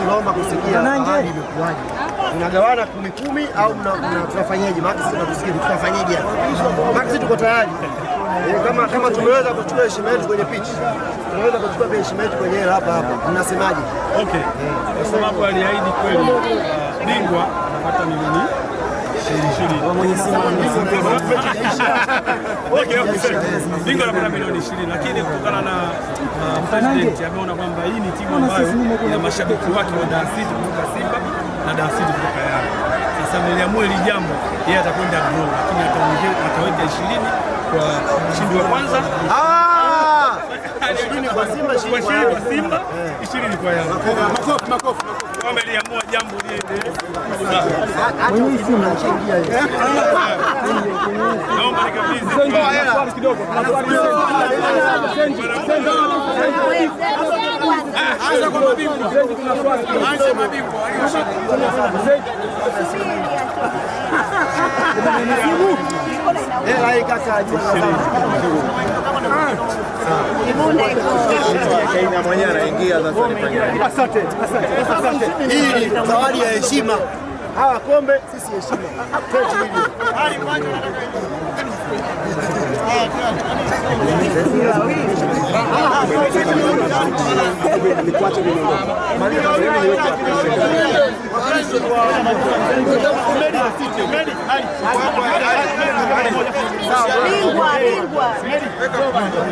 tunaomba kusikia ahadi imekuwaje, unagawana kumi kumi au tunafanyaje? Tunafanyaje? Max, tuko tayari eh, kama kama tumeweza kuchukua heshima yetu kwenye pitch, tunaweza kuchukua heshima yetu kwenye hapa hapa. Mnasemaje? Okay, kwa sababu aliahidi kweli uh, bingwa anapata milioni ishirini. Bingo la milioni 20 lakini kutokana na uh, president ameona kwamba hii ni timu ambayo ya mashabiki wake wa Dar City kutoka Simba na Dar City kutoka Yanga. Sasa ameliamua hili jambo, yeye atakwenda draw, lakini ataweka 20 kwa mshindi wa kwanza ah! kwa Simba, eh. ishirini kwa Yanga. Makofi, makofi. makofi. Wameliamua jambo lile. Naomba nikabidhi eh kidogo. Hii ni zawadi ya heshima. Hawa kombe sisi heshima. ¡Lingua, ¿cuánto